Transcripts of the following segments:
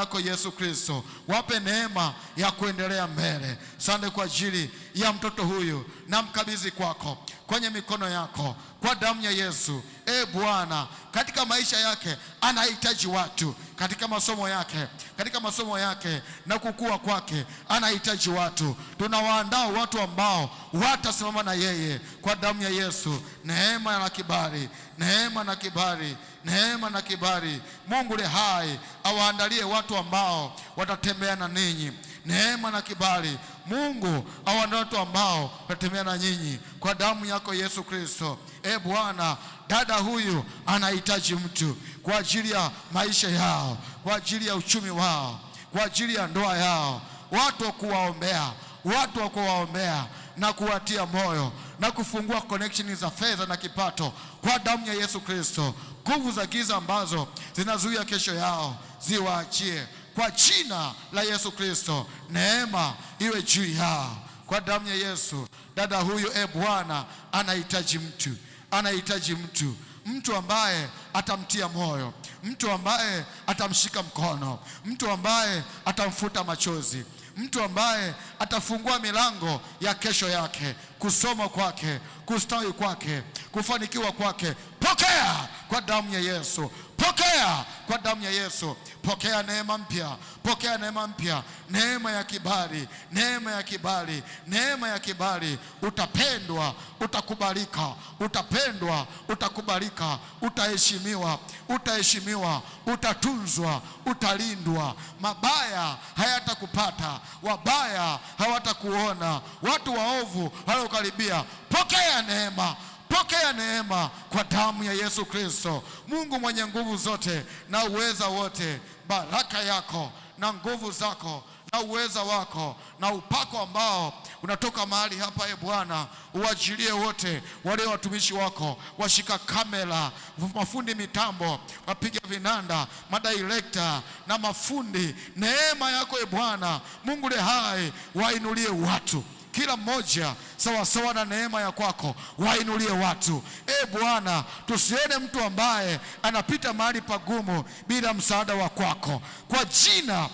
yako Yesu Kristo, wape neema ya kuendelea mbele. Sande kwa ajili ya mtoto huyu, na mkabizi kwako kwenye mikono yako kwa damu ya Yesu. E Bwana, katika maisha yake anahitaji watu, katika masomo yake, katika masomo yake na kukua kwake anahitaji watu. Tunawaandaa watu ambao watasimama na yeye kwa damu ya Yesu. Neema na kibali, neema na kibali neema na kibali. Mungu le hai awaandalie watu ambao watatembea na ninyi neema na kibali. Mungu awaandalie watu ambao watatembea na nyinyi kwa damu yako Yesu Kristo. E Bwana, dada huyu anahitaji mtu kwa ajili ya maisha yao, kwa ajili ya uchumi wao, kwa ajili ya ndoa yao, watu wa kuwaombea, watu wa kuwaombea na kuwatia moyo na kufungua connection za fedha na kipato kwa damu ya Yesu Kristo nguvu za giza ambazo zinazuia kesho yao ziwaachie kwa jina la Yesu Kristo. Neema iwe juu yao kwa damu ya Yesu. Dada huyu, e Bwana, anahitaji mtu, anahitaji mtu, mtu ambaye atamtia moyo, mtu ambaye atamshika mkono, mtu ambaye atamfuta machozi mtu ambaye atafungua milango ya kesho yake, kusoma kwake, kustawi kwake, kufanikiwa kwake. Pokea kwa damu ya Yesu. Pokea kwa damu ya Yesu. Pokea neema mpya, pokea neema mpya, neema ya kibali, neema ya kibali, neema ya kibali. Utapendwa, utakubalika, utapendwa, utakubalika, utaheshimiwa, utaheshimiwa, utatunzwa, utalindwa. Mabaya hayatakupata, wabaya hawatakuona, watu waovu hawakukaribia. Pokea neema Pokea neema kwa damu ya Yesu Kristo. Mungu mwenye nguvu zote na uweza wote, baraka yako na nguvu zako na uweza wako na upako ambao unatoka mahali hapa, e Bwana, uajilie wote wale watumishi wako, washika kamera, mafundi mitambo, wapiga vinanda, madirekta na mafundi. Neema yako e Bwana Mungu le hai, wainulie watu kila mmoja sawasawa na neema ya kwako, wainulie watu. E Bwana, tusione mtu ambaye anapita mahali pagumu bila msaada wa kwako, kwa jina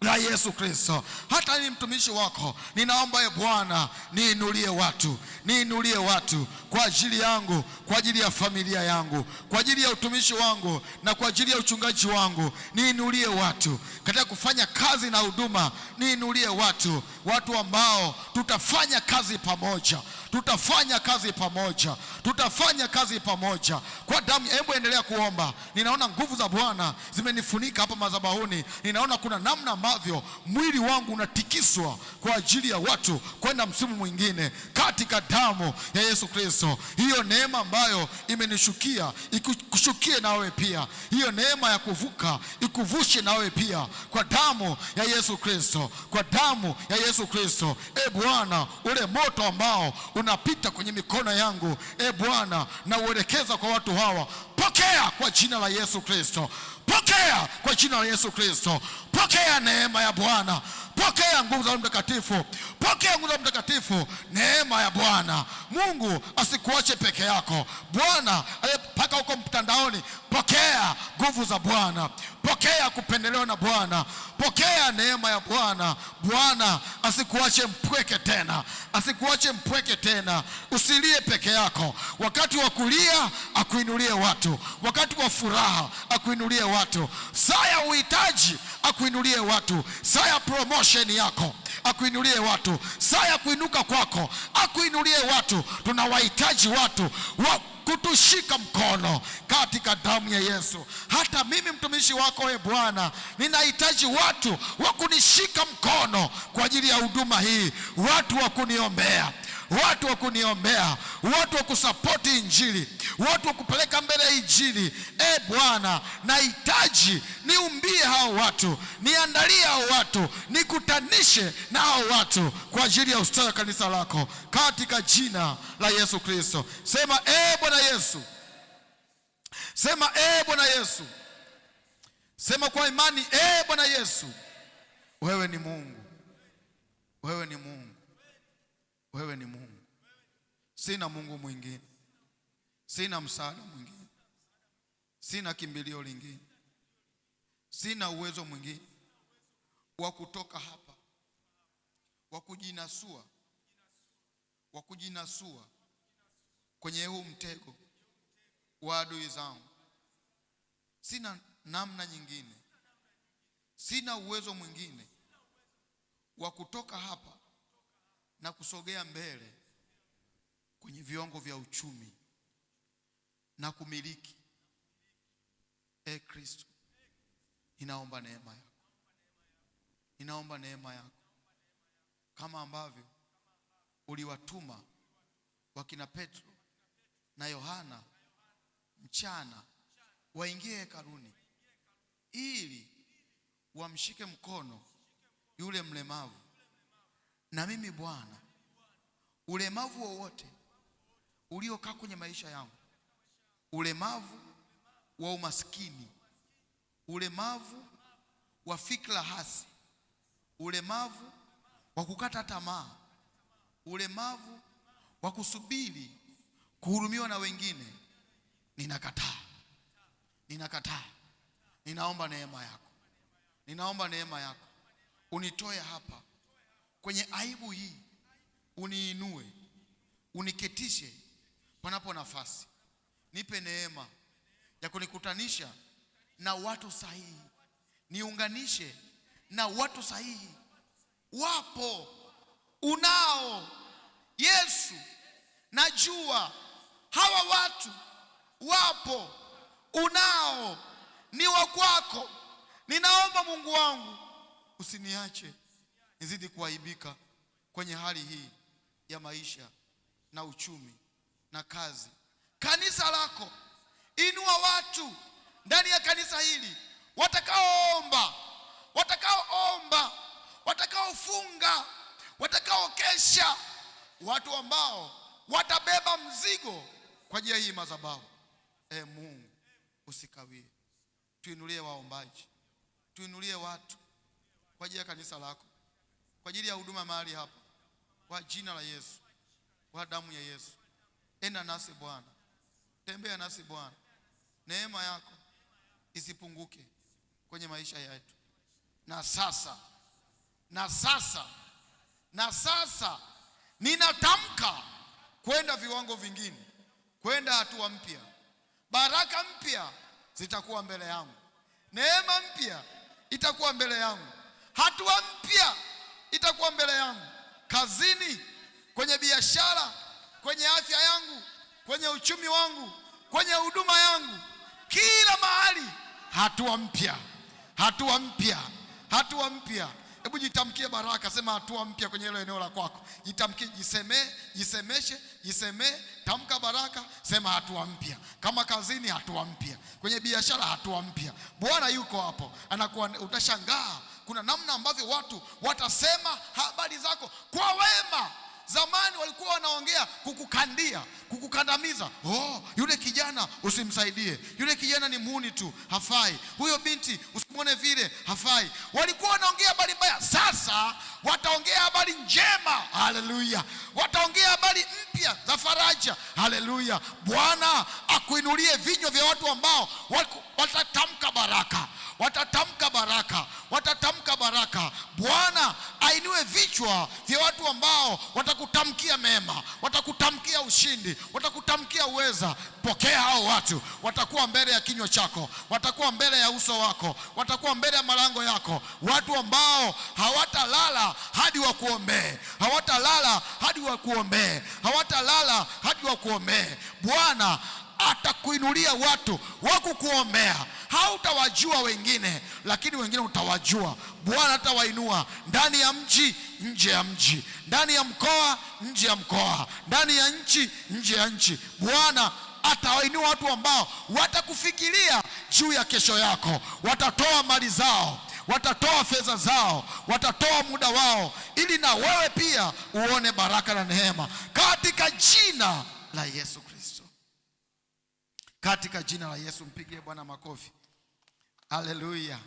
la Yesu Kristo. Hata ni mtumishi wako, ninaomba e Bwana, niinulie watu, niinulie watu kwa ajili yangu, kwa ajili ya familia yangu, kwa ajili ya utumishi wangu na kwa ajili ya uchungaji wangu. Niinulie watu katika kufanya kazi na huduma, niinulie watu, watu ambao tutafanya kazi pamoja, tutafanya kazi pamoja, tutafanya kazi pamoja kwa damu. Hebu endelea kuomba. Ninaona nguvu za Bwana zimenifunika hapa madhabahuni, ninaona kuna namna ambavyo mwili wangu unatikiswa kwa ajili ya watu kwenda msimu mwingine katika damu ya Yesu Kristo. Hiyo neema ambayo imenishukia ikushukie nawe pia, hiyo neema ya kuvuka ikuvushe nawe pia, kwa damu ya Yesu Kristo, kwa damu ya Yesu Kristo. E Bwana, ule moto ambao unapita kwenye mikono yangu, e Bwana, na uelekeza kwa watu hawa, pokea kwa jina la Yesu Kristo. Pokea kwa jina la Yesu Kristo, pokea neema ya Bwana. Pokea nguvu za Mtakatifu, pokea nguvu za Mtakatifu, neema ya Bwana Mungu asikuache peke yako. Bwana mpaka huko mtandaoni, pokea nguvu za Bwana, pokea kupendelewa na Bwana, pokea neema ya Bwana. Bwana asikuache mpweke tena, asikuache mpweke tena. Usilie peke yako, wakati wa kulia akuinulie watu, wakati wa furaha akuinulie watu, saa ya uhitaji akuinulie watu, saa ya promotion passion yako, akuinulie watu saa ya kuinuka kwako, akuinulie watu. Tunawahitaji watu wa kutushika mkono katika damu ya Yesu. Hata mimi mtumishi wako, e Bwana, ninahitaji watu wa kunishika mkono kwa ajili ya huduma hii, watu wa kuniombea watu wa kuniombea, watu wa kusapoti Injili, watu wa kupeleka mbele ya Injili. E Bwana, nahitaji niumbie hao watu, niandalie hao watu, nikutanishe na hao watu kwa ajili ya ustawi wa kanisa lako, katika jina la Yesu Kristo. Sema e Bwana Yesu, sema e Bwana Yesu, sema kwa imani e Bwana Yesu, wewe ni Mungu, wewe ni Mungu. Wewe ni Mungu, sina Mungu mwingine, sina msaada mwingine, sina kimbilio lingine, sina uwezo mwingine wa kutoka hapa, wa kujinasua, wa kujinasua kwenye huu mtego wa adui zangu. Sina namna nyingine, sina uwezo mwingine wa kutoka hapa na kusogea mbele kwenye viwango vya uchumi na kumiliki. E Kristo, ninaomba neema yako, ninaomba neema yako, kama ambavyo uliwatuma wakina Petro na Yohana mchana waingie hekaluni ili wamshike mkono yule mlemavu na mimi Bwana, ulemavu wowote uliokaa kwenye maisha yangu, ulemavu wa umaskini, ulemavu wa fikra hasi, ulemavu wa kukata tamaa, ulemavu wa kusubiri kuhurumiwa na wengine, ninakataa, ninakataa. Ninaomba neema yako, ninaomba neema yako unitoe hapa kwenye aibu hii uniinue, uniketishe panapo nafasi, nipe neema ya kunikutanisha na watu sahihi, niunganishe na watu sahihi. Wapo, unao Yesu, najua hawa watu wapo, unao, ni wa kwako. Ninaomba Mungu wangu usiniache nizidi kuaibika kwenye hali hii ya maisha na uchumi na kazi. Kanisa lako, inua watu ndani ya kanisa hili watakaoomba, watakaoomba, watakaofunga, watakaokesha, watu ambao watabeba mzigo kwa ajili ya hii madhabahu. E Mungu, usikawie, tuinulie waombaji, tuinulie watu kwa ajili ya kanisa lako kwa ajili ya huduma mahali hapa, kwa jina la Yesu, kwa damu ya Yesu. Enda nasi Bwana, tembea nasi Bwana, neema yako isipunguke kwenye maisha yetu. Na sasa na sasa na sasa ninatamka kwenda viwango vingine, kwenda hatua mpya. Baraka mpya zitakuwa mbele yangu, neema mpya itakuwa mbele yangu, hatua mpya itakuwa mbele yangu, kazini, kwenye biashara, kwenye afya yangu, kwenye uchumi wangu, kwenye huduma yangu, kila mahali. Hatua mpya, hatua mpya, hatua mpya. Hebu jitamkie baraka, sema hatua mpya kwenye hilo eneo la kwako. Jitamkie, jisemee, jisemeshe, jisemee, tamka baraka, sema hatua mpya. Kama kazini, hatua mpya, kwenye biashara, hatua mpya. Bwana yuko hapo, anakuwa utashangaa kuna namna ambavyo watu watasema habari zako kwa wema. Zamani walikuwa wanaongea kukukandia, kukukandamiza. Oh, yule kijana usimsaidie, yule kijana ni muuni tu, hafai. Huyo binti usimwone vile, hafai. Walikuwa wanaongea habari mbaya, sasa wataongea habari njema. Haleluya! wataongea habari mpya za faraja. Haleluya! Bwana akuinulie vinywa vya watu ambao watatamka baraka watatamka baraka, watatamka baraka. Bwana ainue vichwa vya watu ambao watakutamkia mema, watakutamkia ushindi, watakutamkia uweza. Pokea hao watu, watakuwa mbele ya kinywa chako, watakuwa mbele ya uso wako, watakuwa mbele ya malango yako, watu ambao hawatalala hadi wakuombee, hawatalala hadi wakuombee, hawatalala hadi wakuombee. Bwana atakuinulia watu wa kukuombea. Hautawajua wengine, lakini wengine utawajua. Bwana atawainua ndani ya mji, nje ya mji, ndani ya mkoa, nje ya mkoa, ndani ya nchi, nje ya nchi. Bwana atawainua watu ambao watakufikiria juu ya kesho yako, watatoa mali zao watatoa fedha zao, watatoa muda wao, ili na wewe pia uone baraka na neema katika jina la Yesu Kristo katika jina la Yesu. Mpigie Bwana makofi. Haleluya,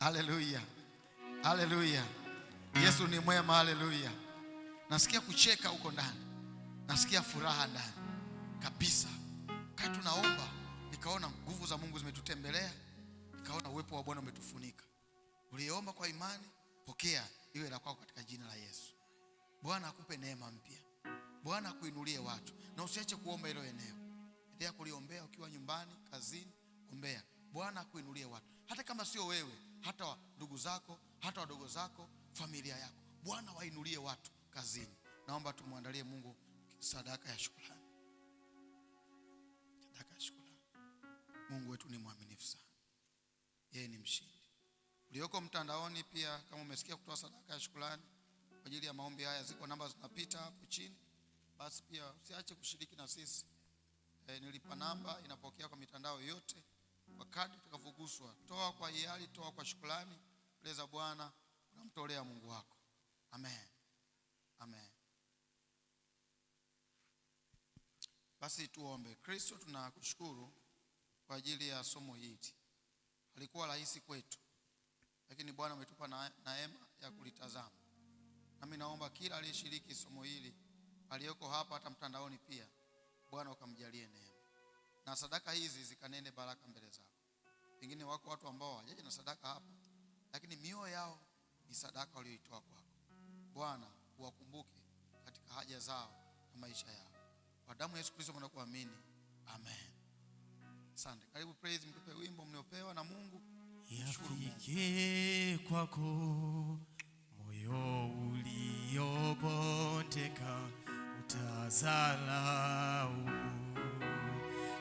haleluya, haleluya. Yesu ni mwema. Haleluya. Nasikia kucheka huko ndani, nasikia furaha ndani kabisa. Kaa tunaomba, nikaona nguvu za Mungu zimetutembelea, nikaona uwepo wa Bwana umetufunika. Uliyeomba kwa imani, pokea iwe la kwako katika jina la Yesu. Bwana akupe neema mpya, Bwana akuinulie watu, na usiache kuomba hilo eneo endelea kuliombea ukiwa nyumbani, kazini, ombea Bwana akuinulie watu, hata kama sio wewe, hata ndugu zako, hata wadogo zako, familia yako, Bwana wainulie watu kazini. Naomba tumwandalie Mungu sadaka ya shukrani, sadaka ya shukrani. Mungu wetu ni mwaminifu sana, yeye ni mshindi. Ulioko mtandaoni pia, kama umesikia kutoa sadaka ya shukrani kwa ajili ya maombi haya, ziko namba zinapita hapo chini, basi pia usiache kushiriki na sisi e, nilipa namba inapokea kwa mitandao yote. kwa kadi tukavuguswa toa kwa hiari, toa kwa shukrani, mbele za Bwana unamtolea Mungu wako. Amen, amen. Basi tuombe. Kristo, tunakushukuru kwa ajili ya somo hili, halikuwa rahisi kwetu, lakini Bwana umetupa na neema ya kulitazama. Nami naomba kila aliyeshiriki somo hili, aliyoko hapa hata mtandaoni pia Bwana ukamjalie neema, na sadaka hizi zikanene baraka mbele zako. Pengine wako watu ambao hawajaje na sadaka hapa, lakini mioyo yao ni sadaka walioitoa kwako Bwana. Uwakumbuke katika haja zao na maisha yao, kwa damu ya Yesu Kristo kuamini, amen. Asante, karibu praise, mtupe wimbo mliopewa na Mungu. Yafike kwako moyo uliobondeka utadharau,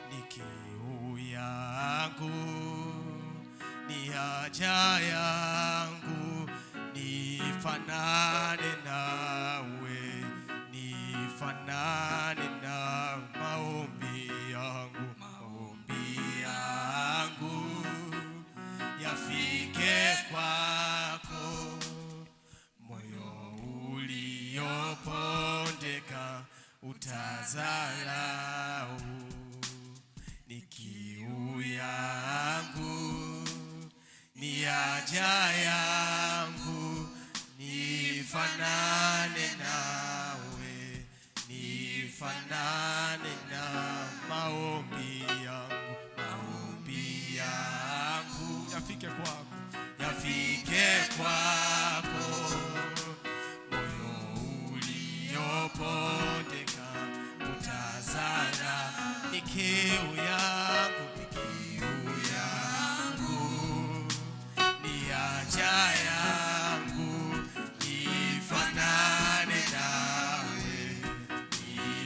nikiu yangu, ni haja yangu, nifanane yafike kwako, yafike kwako, moyo uliopondeka utazana nikiu yangu, nikiu yangu ni yangu ifanane nawe,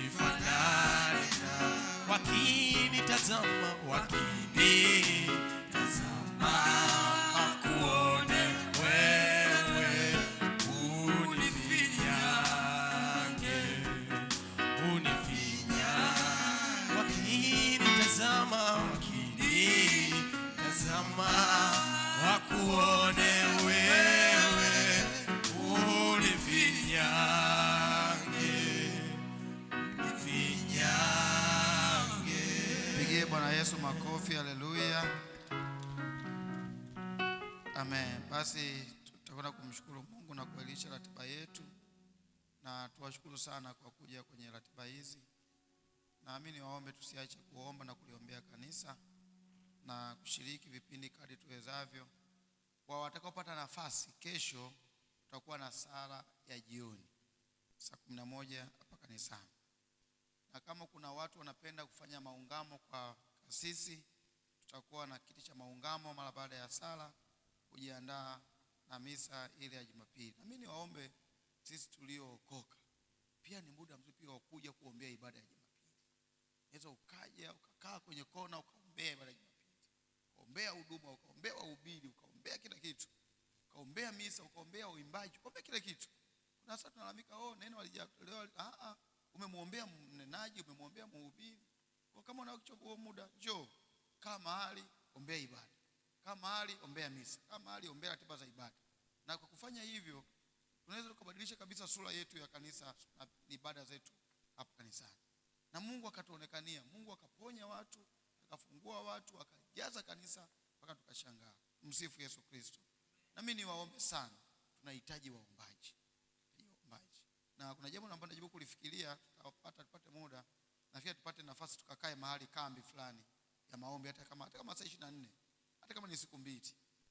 ifanane nawe wakini kukamilisha ratiba yetu, na tuwashukuru sana kwa kuja kwenye ratiba hizi. Naamini waombe, tusiache kuomba na kuliombea kanisa na kushiriki vipindi kadri tuwezavyo. Kwa watakaopata nafasi, kesho tutakuwa na sala ya jioni saa kumi na moja hapa kanisani, na kama kuna watu wanapenda kufanya maungamo kwa kasisi, tutakuwa na kiti cha maungamo mara baada ya sala kujiandaa na misa ile ya Jumapili. Na mimi niwaombe sisi tuliookoka pia ni muda mzuri pia wa kuja kuombea ibada ya Jumapili. Unaweza ukaja ukakaa kwenye kona ukaombea ibada ya Jumapili, ukaombea huduma, ukaombea wahubiri, ukaombea kila kitu, ukaombea misa, ukaombea uimbaji, ukaombea kila kitu. Kuna sasa tunalalamika, oh, neno halijatolewa. Ah, ah ah, umemwombea mnenaji, umemwombea mhubiri. Kwa kama unao muda, njoo kama hali ombea ibada. Kama hali ombea misa, kama hali ombea ratiba za ibada. Na kwa kufanya hivyo tunaweza kubadilisha kabisa sura yetu ya kanisa na ibada zetu hapa kanisani, na Mungu akatuonekania, Mungu akaponya watu, akafungua watu, akajaza kanisa mpaka tukashangaa. Msifu Yesu Kristo. Na mimi niwaombe sana, tunahitaji waombaji, waombaji. Na kuna jambo naomba najibu kulifikiria, tutapata tupate muda na pia tupate nafasi tukakae mahali kambi fulani ya maombi, hata kama hata kama saa 24 hata kama ni siku mbili,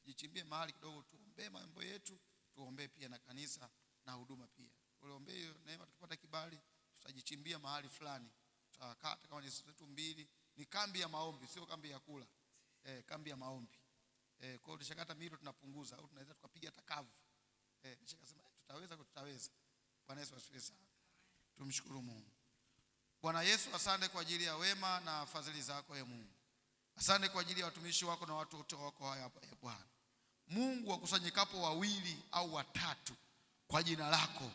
tujichimbie mahali kidogo, tuombee mambo yetu, tuombee pia na kanisa na huduma pia. Uliombee hiyo neema, tukipata kibali tutajichimbia mahali fulani, tutakaa hata kama ni siku tatu mbili. Ni kambi ya maombi, sio kambi ya kula eh, kambi ya maombi eh. Kwa hiyo tushakata milo tunapunguza, au tunaweza tukapiga takavu eh, nishakasema eh, tutaweza kwa tutaweza. Bwana Yesu asifiwe sana, tumshukuru Mungu. Bwana Yesu, asante kwa ajili ya wema na fadhili zako, e Mungu. Asante kwa ajili ya watumishi wako na watu wote wako haya ya Bwana Mungu. Wakusanyikapo wawili au watatu kwa jina lako,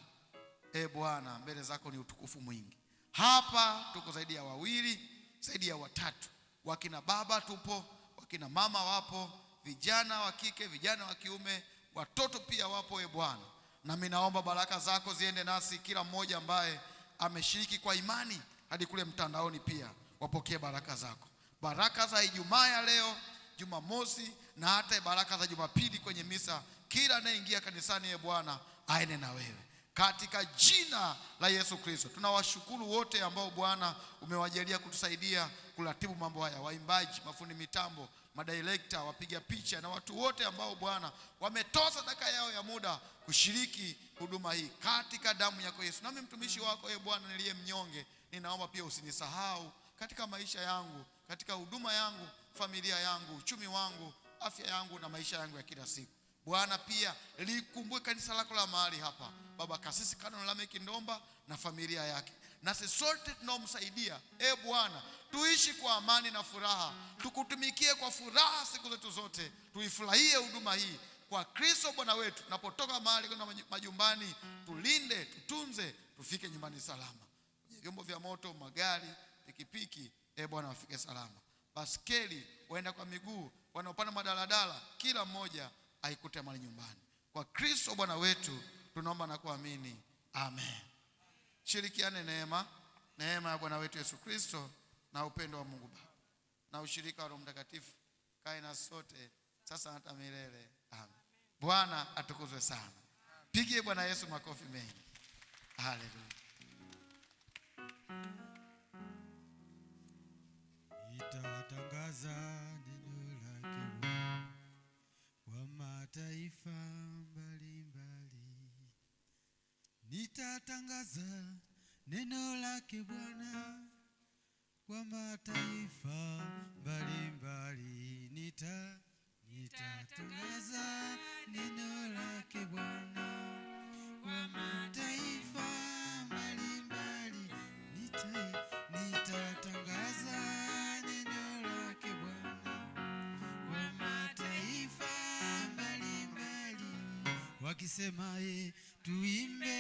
e Bwana, mbele zako ni utukufu mwingi. Hapa tuko zaidi ya wawili, zaidi ya watatu, wakina baba tupo, wakina mama wapo, vijana wa kike, vijana wa kiume, watoto pia wapo, e Bwana, nami naomba baraka zako ziende nasi, kila mmoja ambaye ameshiriki kwa imani hadi kule mtandaoni, pia wapokee baraka zako baraka za Ijumaa ya leo, Jumamosi na hata baraka za Jumapili kwenye misa. Kila anayeingia kanisani, ye ee Bwana aende na wewe katika jina la Yesu Kristo. Tunawashukuru wote ambao Bwana umewajalia kutusaidia kuratibu mambo haya, waimbaji, mafundi mitambo, madirekta, wapiga picha na watu wote ambao Bwana wametoa sadaka yao ya muda kushiriki huduma hii katika damu yako Yesu. Nami mtumishi wako ye ee Bwana niliye mnyonge, ninaomba pia usinisahau katika maisha yangu katika huduma yangu, familia yangu, uchumi wangu, afya yangu na maisha yangu ya kila siku. Bwana pia likumbuke kanisa lako la mahali hapa, baba kasisi Canon Lameck Ndomba na familia yake, nasi sote tunaomsaidia. E Bwana, tuishi kwa amani na furaha, tukutumikie kwa furaha siku zetu zote, tuifurahie huduma hii kwa Kristo Bwana wetu. napotoka mahali kwenda majumbani, tulinde, tutunze, tufike nyumbani salama, kwenye vyombo vya moto, magari, pikipiki E Bwana, wafike salama. Baskeli, waenda kwa miguu, wanaopanda madaladala, kila mmoja aikute mali nyumbani. Kwa Kristo Bwana wetu tunaomba na kuamini, amen. Shirikiane neema, neema ya Bwana wetu Yesu Kristo na upendo wa Mungu Baba na ushirika wa Roho Mtakatifu kae na sote sasa hata milele, amen. Bwana atukuzwe sana. Pigie Bwana Yesu makofi mengi. Haleluya. Natangaza neno lake kwa mataifa mbalimbali, nitatangaza neno lake Bwana kwa mataifa mbalimbali, nita nitatangaza neno lake Bwana kwa mataifa mbalimbali, nita nitatangaza akisema, e tuimbe